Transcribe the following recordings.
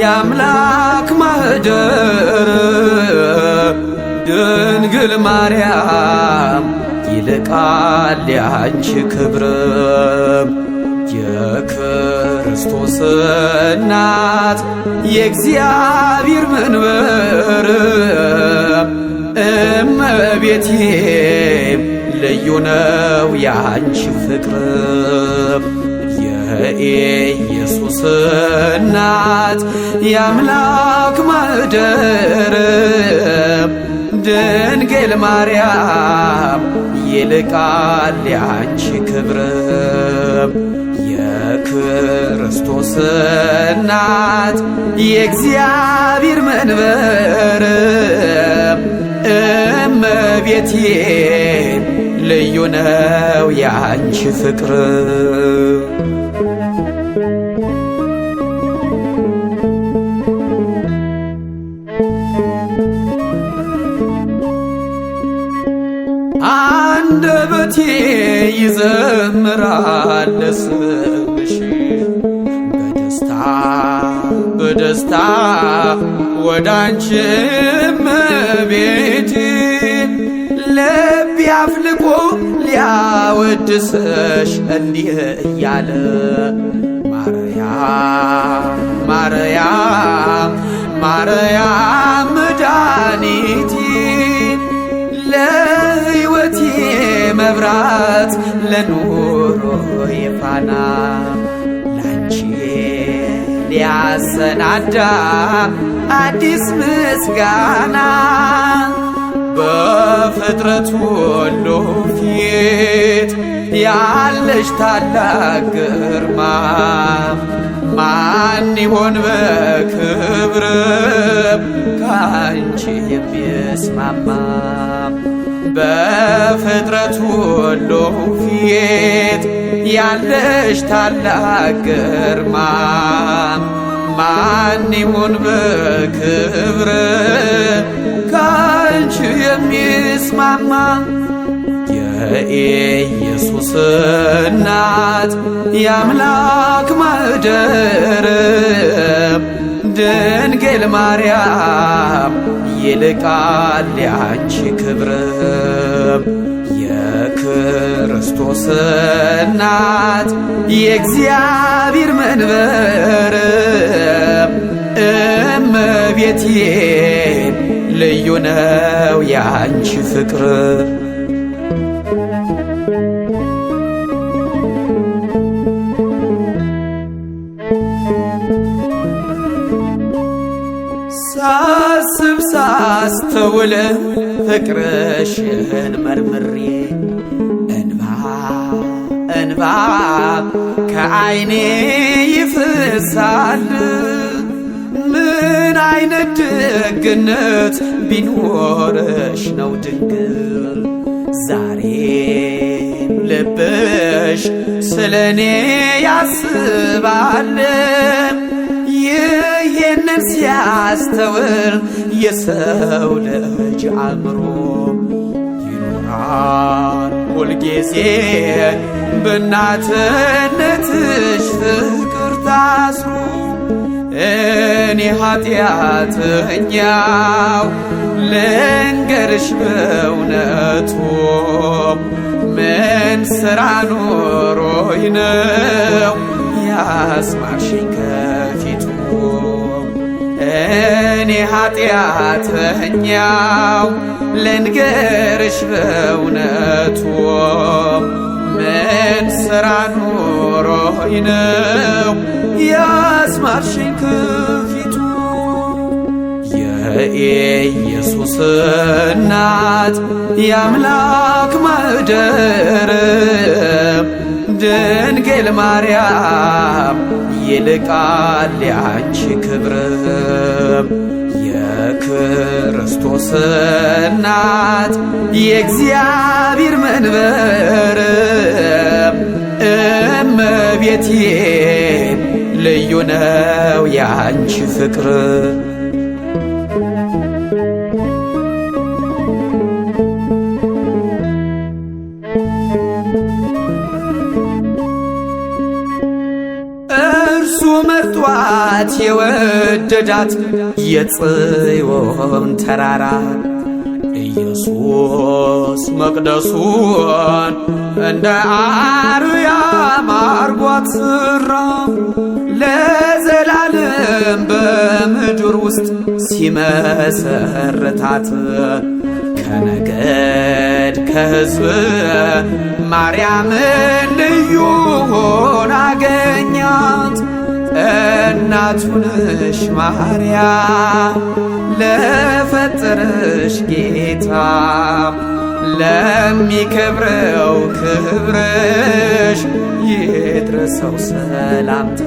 የአምላክ ማህደር ድንግል ማርያም ይልቃል ያንቺ ክብር የክርስቶስ እናት የእግዚአብሔር መንበር እመቤቴ ልዩ ነው ያንቺ ፍቅር የኢየሱስ እናት የአምላክ ማደር ድንግል ማርያም ይልቃል ያንቺ ክብር የክርስቶስ እናት የእግዚአብሔር መንበር እመቤቴ ልዩ ነው ያንቺ ፍቅር ይዘምራል ስምሽ በደስታ በደስታ ወደ እመቤቴ ልብ አፍልቆ ሊያወድስሽ እንዲህ እያለ ማርያም ማርያም ማርያም መድኃኒቴ መብራት ለኑሮ የፋና ላንቺ ሊያሰናዳ አዲስ ምስጋና በፍጥረት ሁሉ ፊት ያለሽ ታላቅ ግርማ ማን ይሆን በክብር ካንቺ የሚስማማ? በፍጥረት ሁሉ ፊት ያለሽ ታላቅ ግርማ ማን ይሁን በክብር ካንቺ የሚስማማ የኢየሱስ እናት የአምላክ ማደር ድንግል ማርያም ይልቃል ያቺ ክብርም የክርስቶስ እናት የእግዚአብሔር መንበርም እመቤትዬ ልዩ ነው ያንቺ ፍቅር ሳ ሳስብ ሳስተውል ፍቅርሽን መርምሬ እንባ እንባ ከዓይኔ ይፍሳል። ምን አይነት ደግነት ቢኖርሽ ነው ድንግል ዛሬም ልብሽ ስለ እኔ ያስባል። ይህንን ሲያስተውል የሰው ልጅ አእምሮ ይኖራል ሁልጊዜ በእናትነትሽ ፍቅር ታስሮ እኔ ኃጢአተኛው ልንገርሽ በእውነቱ ምን ሥራ ኖሮኝ ነው ያስማርሽኝ ኃጢአት በህኛው ልንገርሽ በእውነቱ ምን ሥራ ኖሮኝ ነው ያስማርሽኝ ክፊቱ የኢየሱስ እናት የአምላክ ማደር ድንግል ማርያም ይልቃል ያንቺ ክብር የክርስቶስ እናት የእግዚአብሔር መንበር እመቤቴ ልዩ ነው ያንቺ ፍቅር እናት የወደዳት የጽዮን ተራራ ኢየሱስ መቅደሱን እንደ አርያም አርጎ ስራ ለዘላለም በምድር ውስጥ ሲመሰርታት ከነገድ ከሕዝብ ማርያምን ልዩ ሆን አገኛት። እናቱ ነሽ ማርያም ለፈጠረሽ ጌታ ለሚከብረው ክብርሽ ይድረሰው ሰላምታ።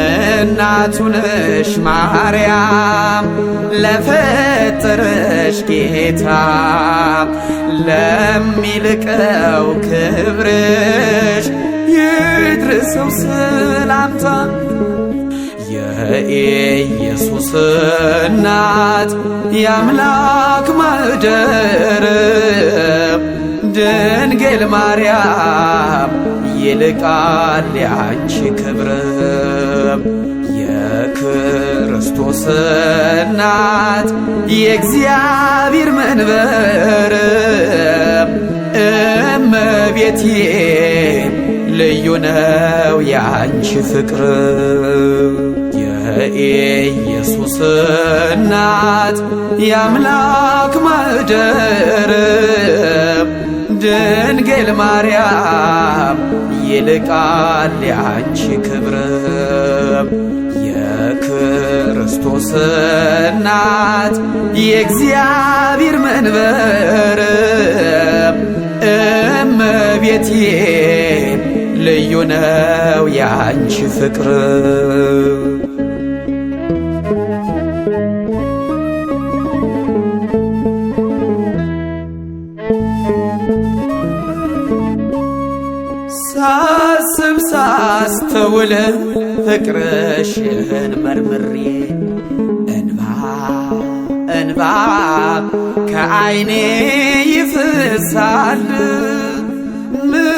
እናቱ ነሽ ማርያም ለፈጠረሽ ጌታ ለሚልቀው ክብርሽ ይድረሰው ሰላምታ የኢየሱስ እናት የአምላክ ማህደር ድንግል ማርያም ይልቃል ያንቺ ክብር የክርስቶስ እናት የእግዚአብሔር መንበር እመቤቴ ልዩ ነው ያንቺ ፍቅር የኢየሱስ እናት የአምላክ ማደር ድንግል ማርያም ይልቃል ያንቺ ክብር የክርስቶስ እናት የእግዚአብሔር መንበር እመቤቴ ልዩ ነው ያንቺ ፍቅር ሳስብ ሳስተውል ፍቅርሽን መርምሬ እንባ እንባ ከዓይኔ ይፍሳል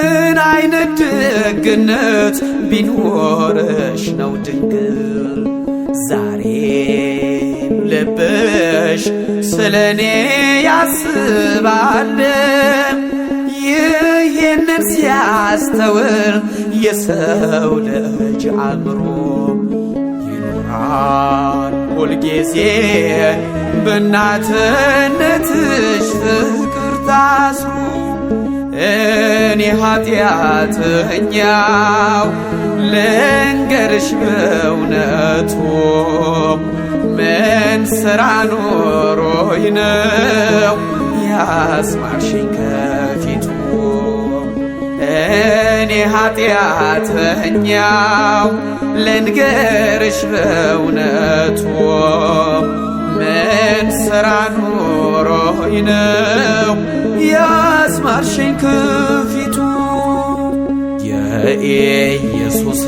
ምን አይነት ደግነት ቢኖርሽ ነው ድንግል ዛሬም ልብሽ ስለ እኔ ያስባል። ይህንን ሲያስተውል የሰው ልጅ አእምሮ ይኖራል ሁልጊዜ በእናትነትሽ እኔ ኃጢአት እኛው ልንገርሽ በእውነቱ ምን ስራ ኖሮኝ ነው ያስማርሽኝ ከፊቱ እኔ ኃጢአተኛው ልንገርሽ በእውነቱ ምን ስራ ኖሮኝ ነው ያስማርሽኝ ክንፊቱ የኢየሱስ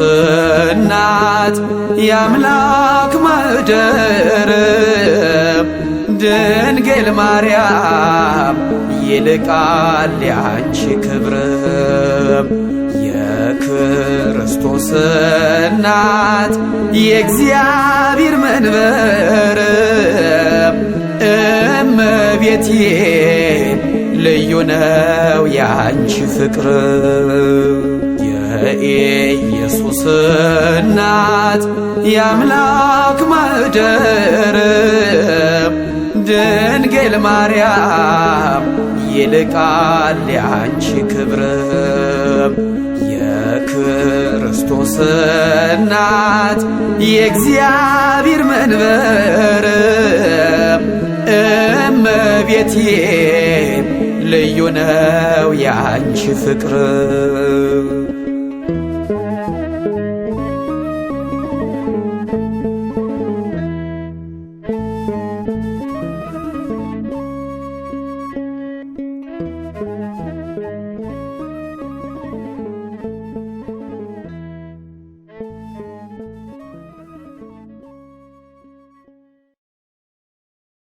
እናት የአምላክ ማደር ድንግል ማርያም ይልቃል ያንቺ ክብር የክርስቶስ እናት የእግዚአብሔር መንበር እመቤቴ ልዩ ነው ያንቺ ፍቅር የኢየሱስ እናት የአምላክ ማደር ድንግል ማርያም ይልቃል ያንቺ ክብር የክርስቶስ እናት የእግዚአብሔር መንበር እመቤቴ ልዩ ነው ያንቺ ፍቅር